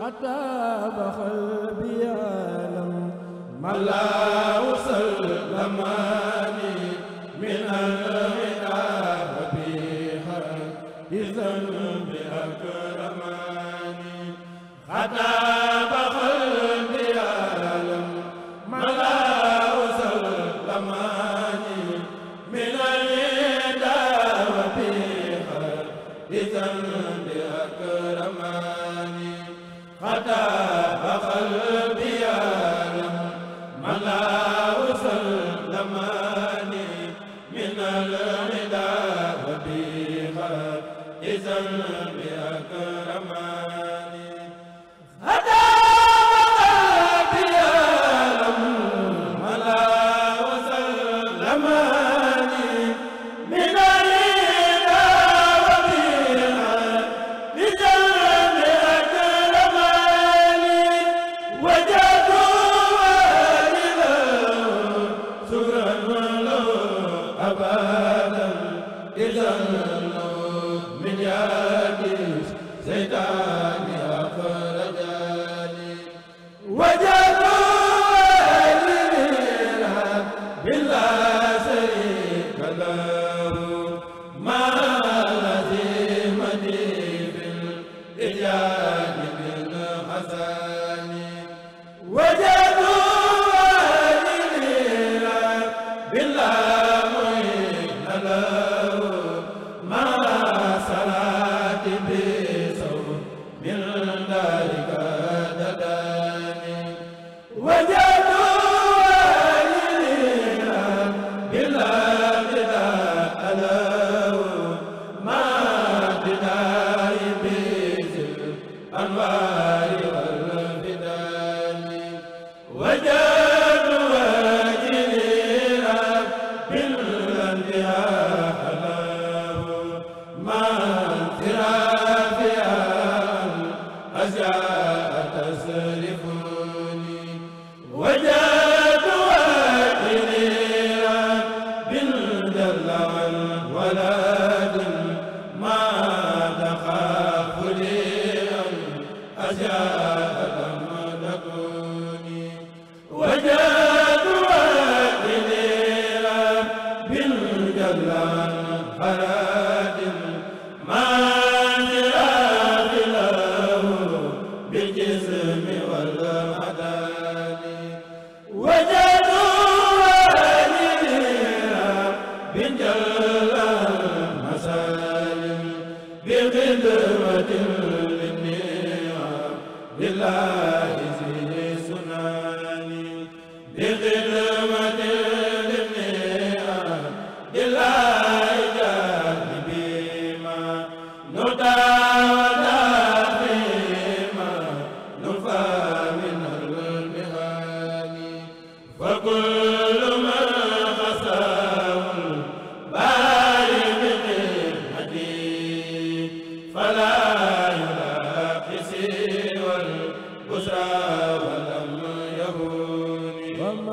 xataaba xalbi yaalam malaawu sallamaani min wa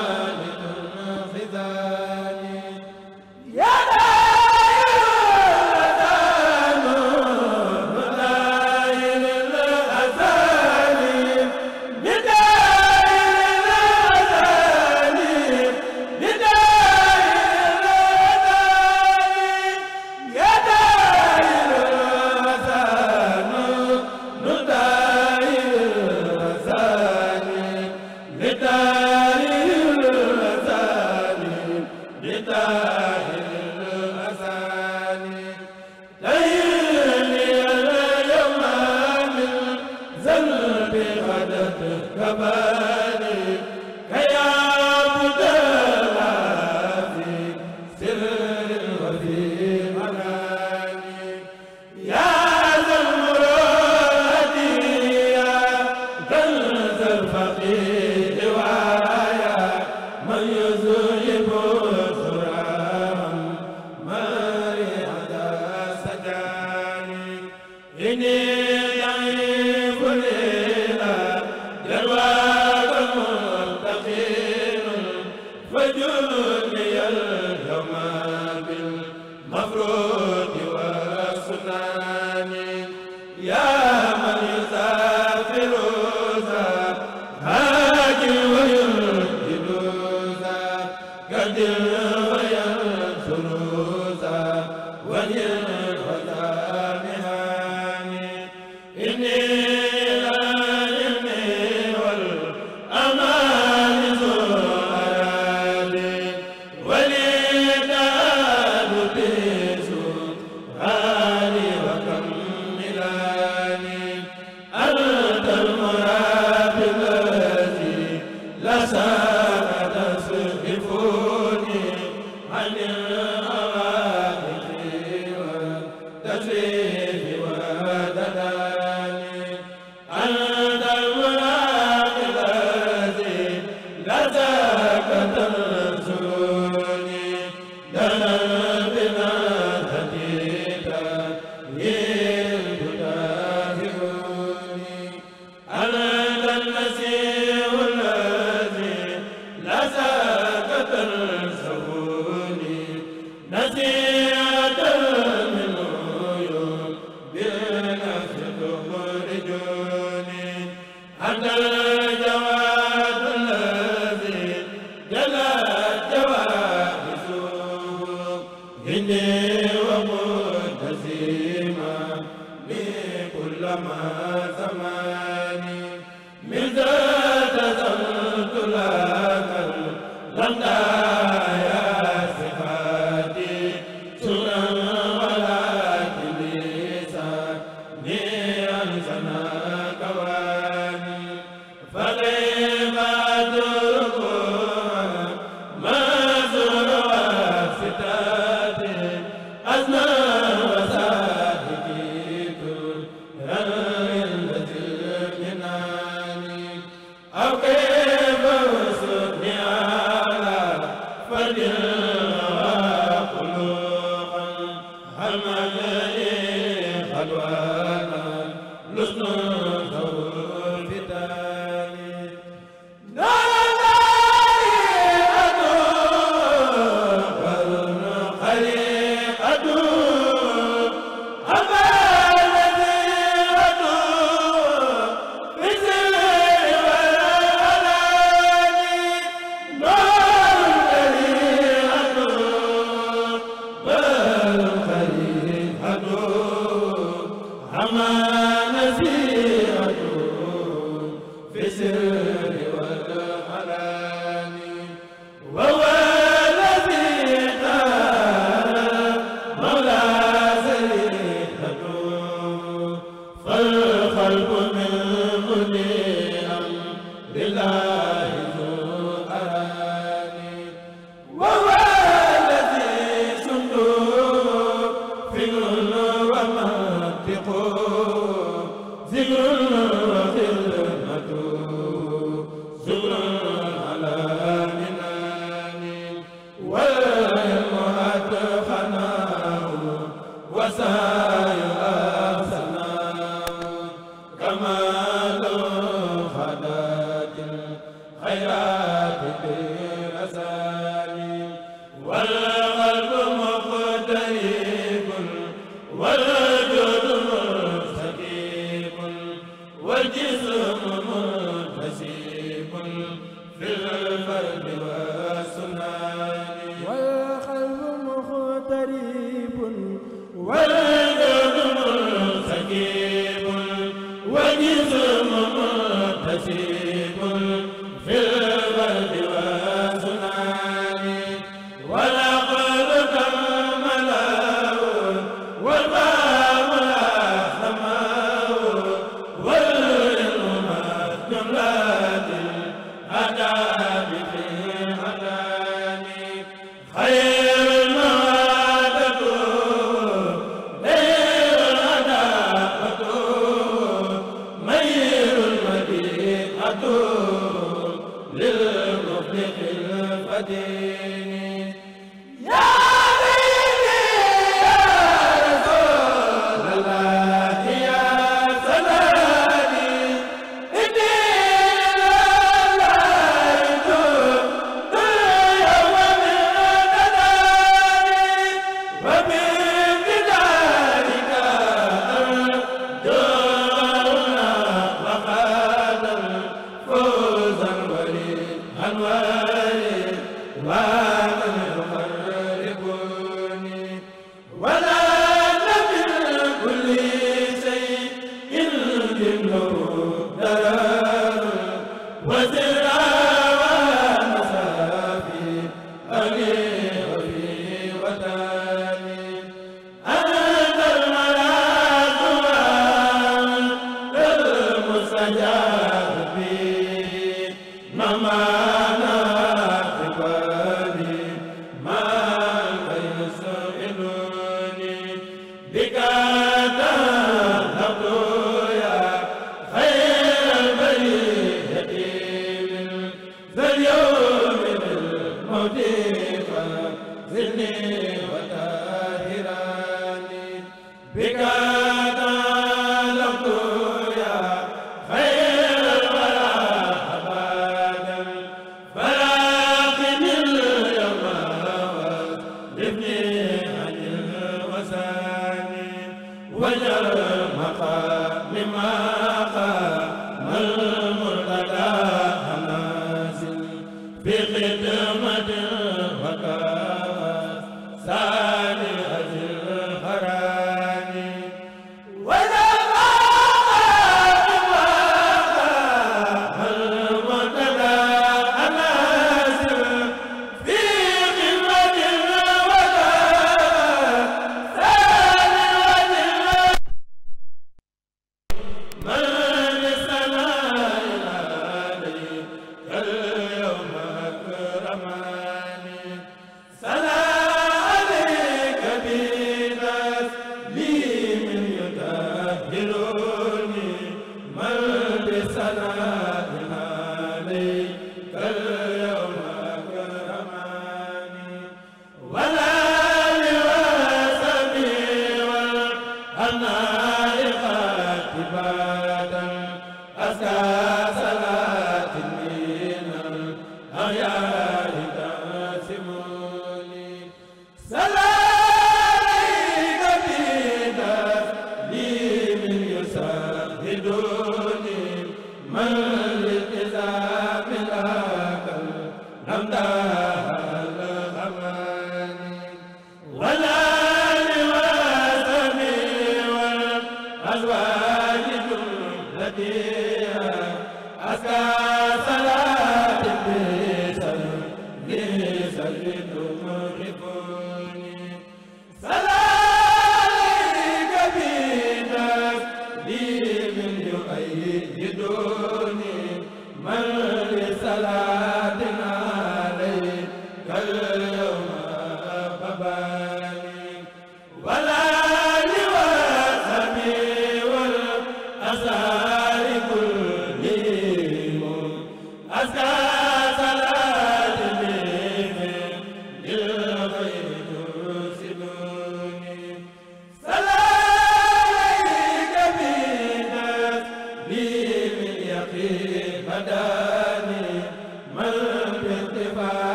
a a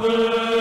ab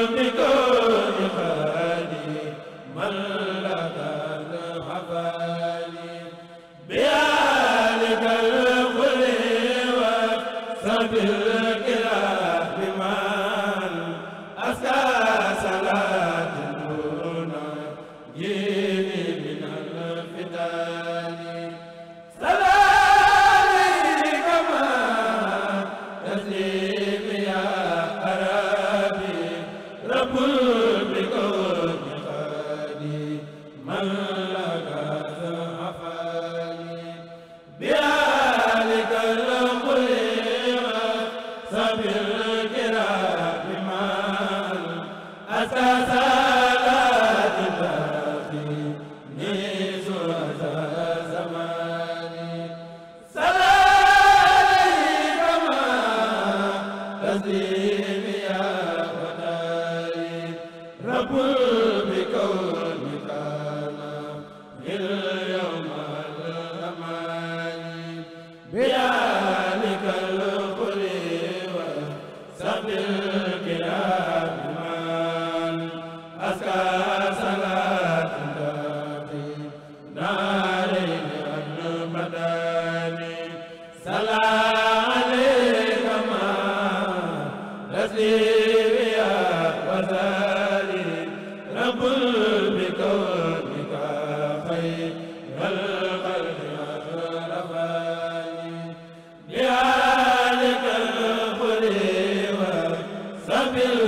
bil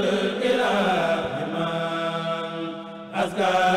ilaahi man azka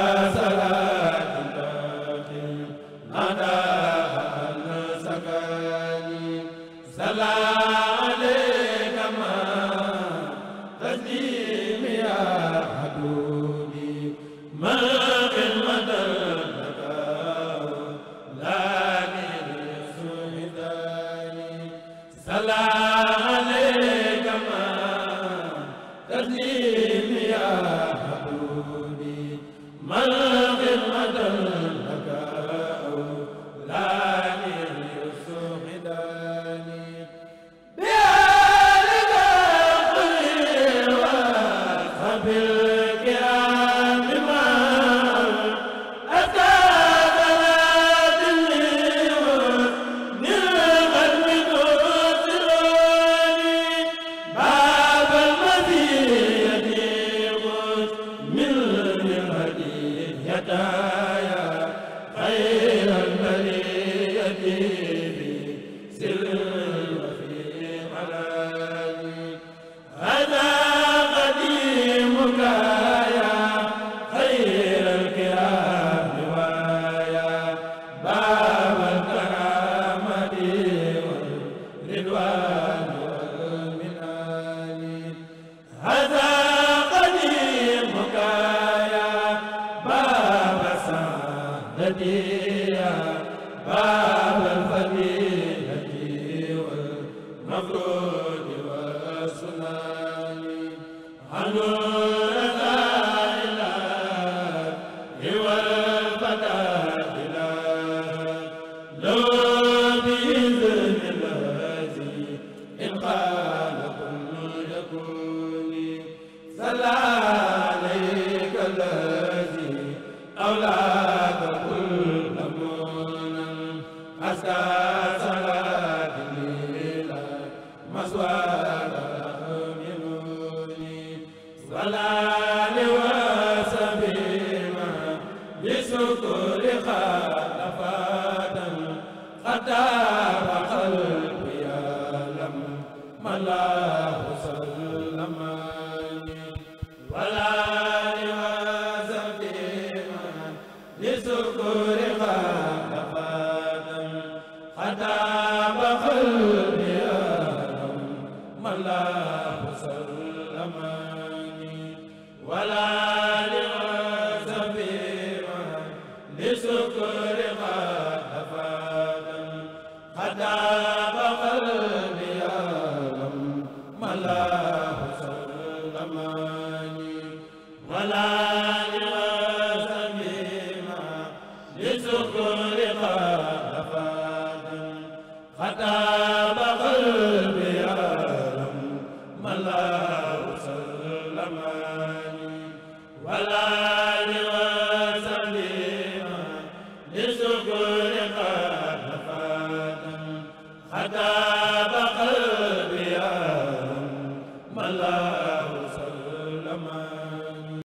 Allô xadaa